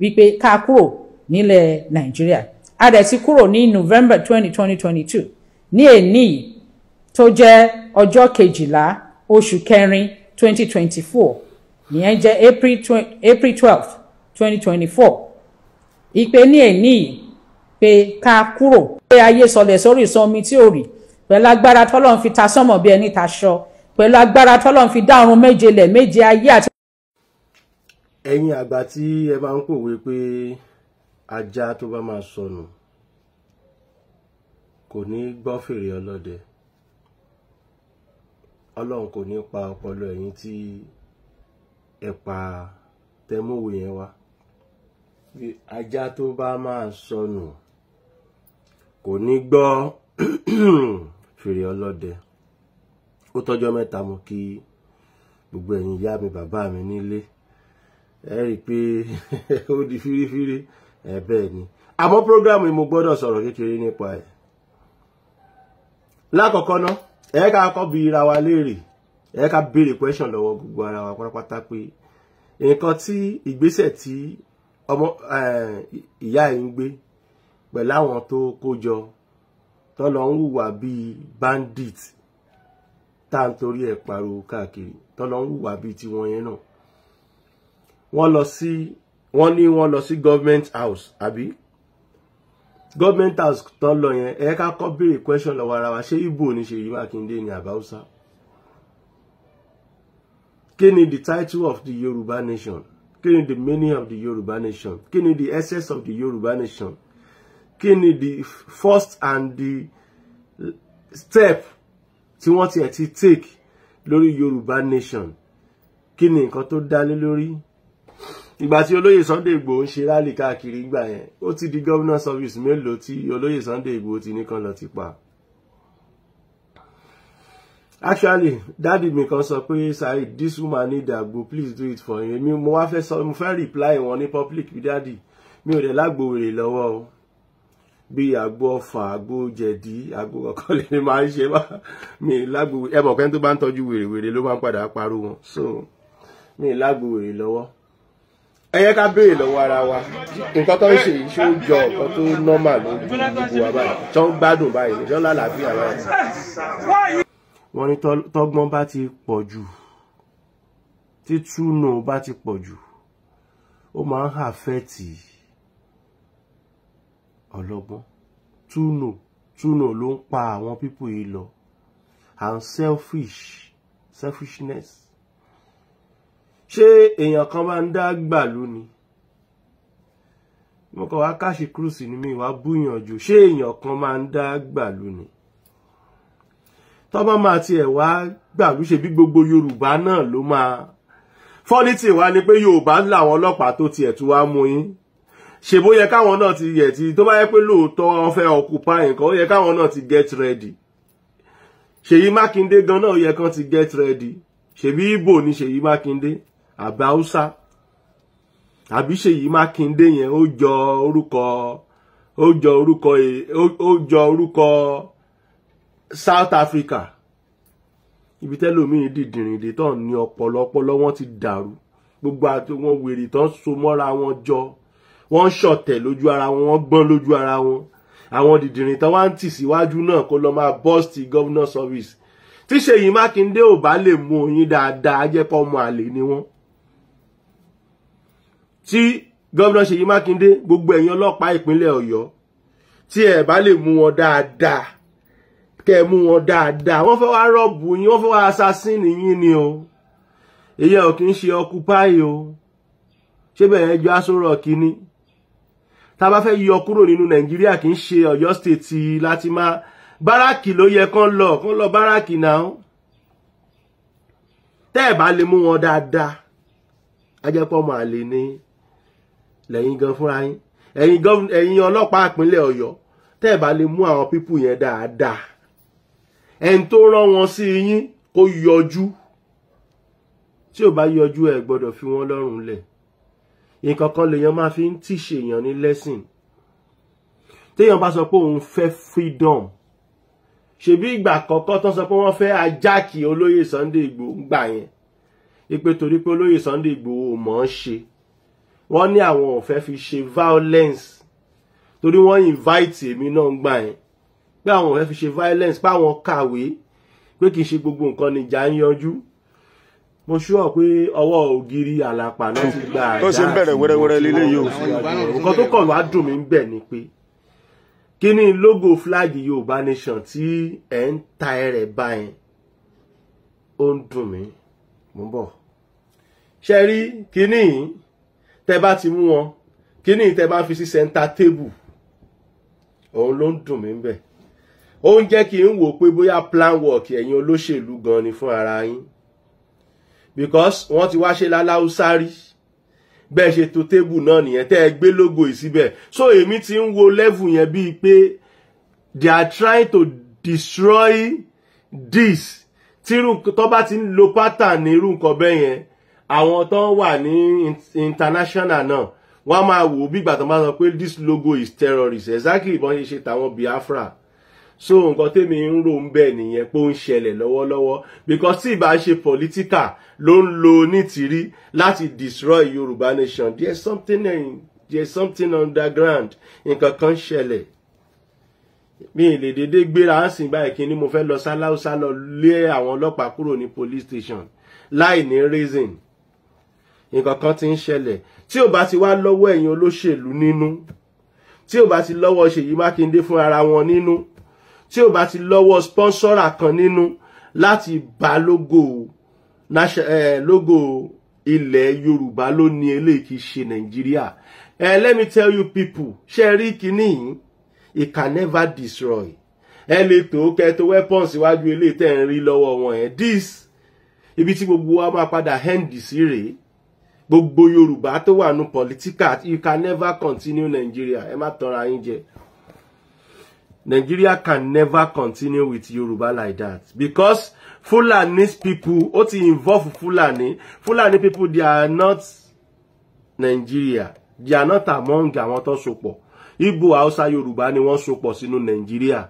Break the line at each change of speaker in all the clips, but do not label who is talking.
wípé ká kúrò nílẹ̀ nàìjíríà a dẹ̀ ti kúrò ní november twenty twenty twenty two ní èní tó jẹ́ ọjọ́ kejìlá oṣù kẹrin twenty twenty four ìyẹn jẹ́ april twelve twenty twenty four ìpè ní èní pé ká kúrò pé ayé sọlẹ̀ sórí ìsanmi tí ò rí pẹ̀lú agbára tọ́lọ́run fi ta sọ́mọ̀ bí ẹni ta ṣọ pẹ̀lú agbára tọ́lọ́run fi dá ọ̀run méje lẹ̀ méje ayé àti ẹ̀yin àgbà tí ẹ máa ń pòwe pé ajá tó bá máa sọnù kò ní gbọ́ fèrè ọlọ́dẹ ọlọ́run kò ní pa ọpọlọ ẹ̀yin tí ẹ pa tẹmúwò yẹn wá ajá tó bá máa sọnù kò ní gbọ́ fèrè ọlọ́dẹ ó tọ́jọ́ mẹ́ta mo kí gbogbo ẹ̀yin ìyá mi bàbá mi nílé ẹ rí i pé ó di fírífírí ẹ ni àmọ́ program yìí mo gbọ́dọ̀ sọ̀rọ̀ kékeré nípa ẹ̀ lákọ̀ọ́kọ́ ná ẹ ká kọ́ bi wa léèrè ẹ béèrè question lọ́wọ́ gbogbo ara wa pátápátá pé nǹkan tí ìgbésẹ̀ tí ọmọ ìyá yìí ń gbé pẹ̀lú àwọn tó kó jọ tó lọ ń hùwà bíi bandit tá à ń torí ẹ̀ pariwo káàkiri tó lọ ń hùwà bíi tiwọn yẹn náà wọ́n lọ sí wọ́n ní wọ́n lọ sí government house àbí government house tán lọ yẹn ẹ ká kọ́ béèrè question lọ́wọ́ ara wa ṣé Ìgbò ni Ṣèyí Mákindé ni àbáwúsá kí ni the title of the Yoruba nation kí ni the meaning of the Yoruba nation kí ni the essence of the Yoruba nation kí ni the first and the step tí wọ́n ti ẹ̀ ti take lórí Yoruba nation kí ni nǹkan tó dálé lórí ìgbà tí olóyè Sunday Igboho ń ṣe rálì káàkiri ìgbà yẹn ó ti di governor service mélòó tí olóyè Sunday Igboho ti ní lọ ti pa. actually dádì mi kan sọ pé saheed this woman need agbo please do it for him mo wá fẹ́ sọ mo fẹ́ reply wọn ní public bí dádì mi ò dẹ̀ lágbo wèrè lọ́wọ́ o bí agbo ọfà agbo jẹ̀dí agbo kọ̀ọ̀kan lè máa ń ṣe wá mi lágbo ẹ mọ̀ pé tó bá ń tọ́jú wèrè ló máa ń padà parọ́ wọn so mi lágbo wèrè lọ́wọ́ ẹ yẹ ká béèrè lọ́wọ́ ara wa nǹkan tó ń ṣe yìí ṣó jọ nǹkan tó nọ́mà ló ń gbogbo wa báyìí tó ń gbádùn báyìí ṣó lálàáfíà báyìí. wọ́n ní tọ́gbọ́n bá ti pọ̀ jù tí bá ti pọ̀ jù ó máa ń àfẹ́tì ọlọ́gbọ́n túnú túnú ló ń pa àwọn pípò yìí lọ and selfish selfishness ṣé èèyàn kan máa ń dá gbàlú ni mo kàn wá káṣí kúrúsì ni mi wá búyànjú ṣé èèyàn kan máa ń dá gbàlú ni tọ́ba máa tiẹ̀ wá gbàlú ṣe bí gbogbo Yorùbá náà ló máa fọ́nì tí wá ni pé Yorùbá làwọn ọlọ́pàá tó tiẹ̀ tún wá mú yín ṣe bó yẹ káwọn náà ti yẹ ti tó bá yẹ pé lóòótọ́ wọn fẹ́ ọkùpá nǹkan ó yẹ káwọn náà ti get ready Ṣèyí Mákindé gan náà yẹ kán ti get ready ṣèbí Ìgbò ni Ṣèyí Mákindé àbí haúsá àbí ṣèyí mákindé yẹn ó jọ orúkọ ó jọ orúkọ ó jọ orúkọ south africa ibi tẹ́lòmíín dìdìrìndì tán ní ọpọlọ ọpọlọ wọn ti dàrú gbogbo àti wọn wèrè tán so mọ́ra wọn jọ wọ́n ń ṣọ̀tẹ̀ lójú ara wọn wọ́n gbọ́n lójú ara wọn àwọn dìdìrìn tán wá ń tì síwájú náà kó lọ́ọ́ máa bọ́ọ̀sì governor service tí ṣèyí mákindé ò bá lè mú oyin dáadáa jẹ́ kọ́ ọmọ àlè ni wọ́n tí gómìnà Ṣèyí Mákindé gbogbo ẹ̀yin ọlọ́pàá ìpínlẹ̀ Ọ̀yọ́ tí ẹ bá lè mú wọn dáadáa kẹ mú wọn dáadáa wọ́n fẹ́ wá rọ́ọ̀bù yín wọ́n fẹ́ wá assassin yín ni o ìyẹn ò kì í ṣe occupy o ṣé bẹ́ẹ̀ ju aṣọ rọ̀ kínní tá a bá fẹ́ yọ kúrò nínú Nàìjíríà kì í ṣe Ọ̀yọ́ state láti máa báràkì ló yẹ kán lọ kán lọ báràkì náà tẹ́ ẹ̀ bá lè mú wọn dáadáa ajẹ́pọ̀ máa lè ní lẹ́yìn gan fúnra yín ẹ̀yin gov ẹ̀yin ọlọ́pàá ìpínlẹ̀ ọ̀yọ́ tẹ́ ẹ̀ bá lè mú àwọn pípù yẹn dáadáa ẹni tó rán wọn sí yín kó yọjú tí ò bá yọjú ẹ gbọ́dọ̀ fi wọ́n lọ́rùn lẹ̀ nǹkan kan lèèyàn máa fi ń tíṣe èèyàn ní lesson téèyàn bá sọ pé òun fẹ́ freedom ṣebí ìgbà àkọ́kọ́ tán sọ pé wọ́n fẹ́ ajáàkì olóyè Sunday Igboho gbà yẹn ipe torí pé olóyè Sunday Igboho ò mọ̀ ọ́n ṣe wọ́n ní àwọn ò fẹ́ fi ṣe violence torí wọ́n invite èmi náà gbà yẹn pé àwọn ò fẹ́ fi ṣe violence pé àwọn kàwé pé kì í ṣe gbogbo nǹkan níjà ń yanjú mo ṣúọ̀ pé ọwọ́ ògiri àlàpà náà ti gba àdá tó ṣe ń bẹ̀rẹ̀ wẹ́rẹ́wẹ́rẹ́ lílé yìí ò nǹkan tó kàn wá dùn mí ń bẹ̀ ni pé kí ni logo fúláàgì Yorùbá nation tí ẹ̀ ń ta ẹ̀rẹ̀ báyẹn ó ń dùn mí mo ń bọ̀ ṣe rí kínní yìí tẹ́ bá ti mú wọn kí ni tẹ́ bá fi sí sẹ́ńtà tébù òun ló ń dùn mí bẹ́ẹ̀ ó ń jẹ́ kí n wò pé bóyá plan work ẹ̀yin olóṣèlú gan ni fún ara yín because wọ́n ti wá ṣe láláúsá rí bẹ́ẹ̀ ṣe to table náà nìyẹn tẹ́ ẹ gbé lógo ìsíbẹ̀ so èmi ti ń wo level yẹn bíi pé they are trying to destroy this tírú tó bá ti ń lo pattern irú nǹkan bẹ́ẹ̀ yẹn àwọn tó wà ní international náà wọ́n máa wò bí ìgbà tó máa sọ pé this logo is terrorist exactly ìbọn ṣe ṣe tàwọn Biafra so nǹkan tèmi ń rò ń bẹ̀ nìyẹn pé ó ń ṣẹlẹ̀ lọ́wọ́lọ́wọ́ because tí ìbá ṣe political ló ń lo nítìrí láti destroy Yorùbá nation there is something in there is something underground nǹkan kan ṣẹlẹ̀ mi ì lè dédé gbéra á sìn báyìí kí ni mo fẹ́ lọ sáláùsá lọ lé àwọn ọlọ́pàá kúrò ní police station láì ní reason nǹkan kan ti ń ṣẹlẹ̀ tí ò bá ti wá lọ́wọ́ ẹ̀yin olóṣèlú nínú tí ò bá ti lọ́wọ́ Ṣèyí Mákindé fún ara wọn nínú tí ò bá ti lọ́wọ́ spọ́nsọ́rà kan nínú láti bá lógo eh, lógo ilẹ̀ Yorùbá ló eléyìí ṣe Nàìjíríà ẹ let me tell you people ṣe rí kíní it can never destroy ẹ lè tó kẹtó weapons iwájú eléyìí tẹ̀ ń rí lọ́wọ́ wọn ẹ̀ this ibi tí gbogbo wa máa padà end sí rèé gbogbo yorùbá tó wà nù political you can never continue nigeria ẹ má tanra yín jẹ nigeria can never continue with yorùbá like that because fulani people ó ti involve fulani fulani people they are not nigeria they are not among àwọn tó sopọ̀ igbo hausa yorùbá ni wọ́n sopọ̀ sínú nigeria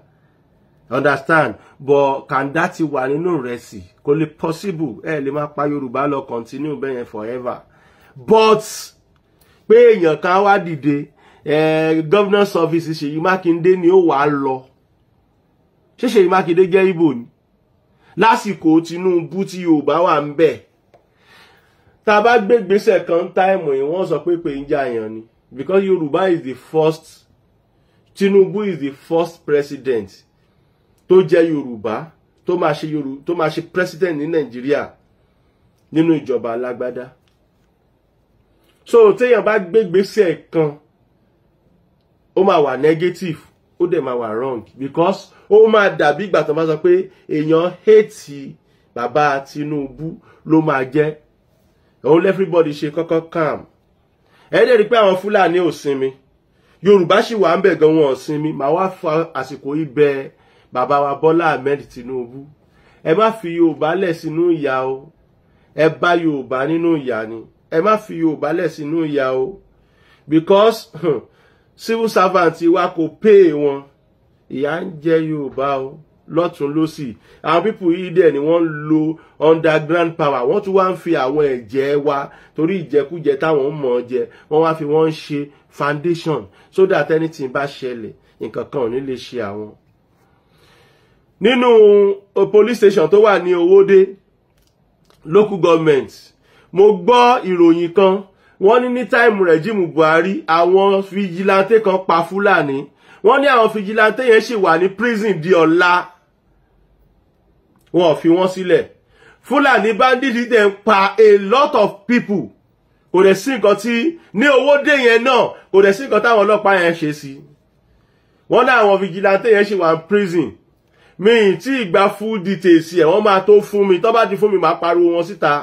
understand but kàńdá ti wà nínú rẹ̀ sí kò lè possible ẹ lè má pa yorùbá lọ continue bẹ́yẹn forever but pé èèyàn kan wá dìde governance services Ṣèyí Mákindé ni ó wàá lọ ṣé Ṣèyí Mákindé jẹ́ Ìgbò ni lásìkò Tinubu tí Yorùbá wà ń bẹ̀ tá a bá gbé gbèsè kan táìmù yìí wọ́n sọ pé pé yàn ni because Yorùbá is the first Tinubu is the first president tó jẹ́ Yorùbá tó máa ṣe Yorùbá tó máa ṣe president ní Nàìjíríà nínú ìjọba alágbádá so téèyàn bá gbégbèsè kan ó máa wà negative ó dẹ̀ máa wà wrong because ó máa dàbí ìgbà tó bá sọ pé èèyàn hate bàbá Tinubu ló máa jẹ́ òun everybody ṣe kọ́kọ́ calm ẹ̀ẹ́dẹ̀ rí pé àwọn Fúlàní ò sinmi Yorùbá sì wà ń bẹ̀ gan wọn ò sinmi màá wá fa àsìkò yìí bẹ bàbá wa Bọ́lá Ahmed Tinubu ẹ má fi Yorùbá lẹ̀ sínú ìyà o ẹ bá Yorùbá nínú ìyà ni ẹ má fi Yorùbá lẹ̀ sínú ìyà o because hmm, civil servant wa kò pay wọn ìyà ń jẹ Yorùbá o lọ́tún lọ́sì àwọn pípù yìí dẹ̀ ni wọ́n ń lo underground power wọ́n tún wá ń fi àwọn ẹ̀jẹ̀ wa torí ìjẹkújẹ táwọn ń mọ̀ jẹ wọ́n wá fi wọ́n ń ṣe foundation so that anything bá ṣẹlẹ̀ nǹkan kan ò ní lè ṣe àwọn. nínú police station tó wà ní Owódé local government mo gbọ́ ìròyìn kan wọ́n ní ní táìmù rẹ̀jíìmù Buhari àwọn fijilanté kan pa Fúlàní wọ́n ní àwọn fijilanté yẹn ṣì wà ní prison di ọ̀la wọn ò fi wọ́n sílẹ̀ Fúlàní bandits dẹ̀ ń pa a lot of people kò dẹ̀ sí nǹkan tí ní owó dé yẹn náà kò dẹ̀ sí nǹkan táwọn ọlọ́pàá yẹn ṣe sí wọ́n ní àwọn fijilanté yẹn ṣì wà ní prison mi tí ìgbà full details ẹ̀ wọ́n máa tó fún mi tó bá ti fún mi máa pariwo wọn síta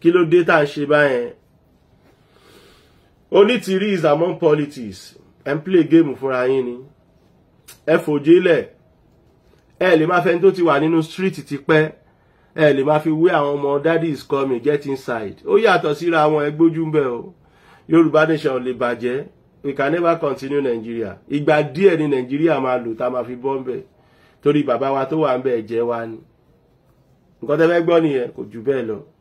kí ló dé tá a ṣe báyẹn onítìrí is among politics ẹ ń play game fúnra yín ni ẹ fòjé lẹ̀ ẹ lè má fẹ́ni tó ti wà nínú street ti pẹ́ ẹ lè má fi wé àwọn ọmọ daddy is coming get inside ó yàtọ̀ síra wọn ẹ gbójú ń bẹ̀ o yorùbá nation lè bàjẹ́ we can never continue nigeria ìgbà díẹ̀ ni nigeria máa lò tá a máa fi bọ́ ń bẹ̀ torí bàbá wa tó wà ń bẹ̀ ẹ̀jẹ̀ wa ni nǹkan tẹ́ gbọ́ nìyẹn kò jù bẹ́ẹ̀ lọ.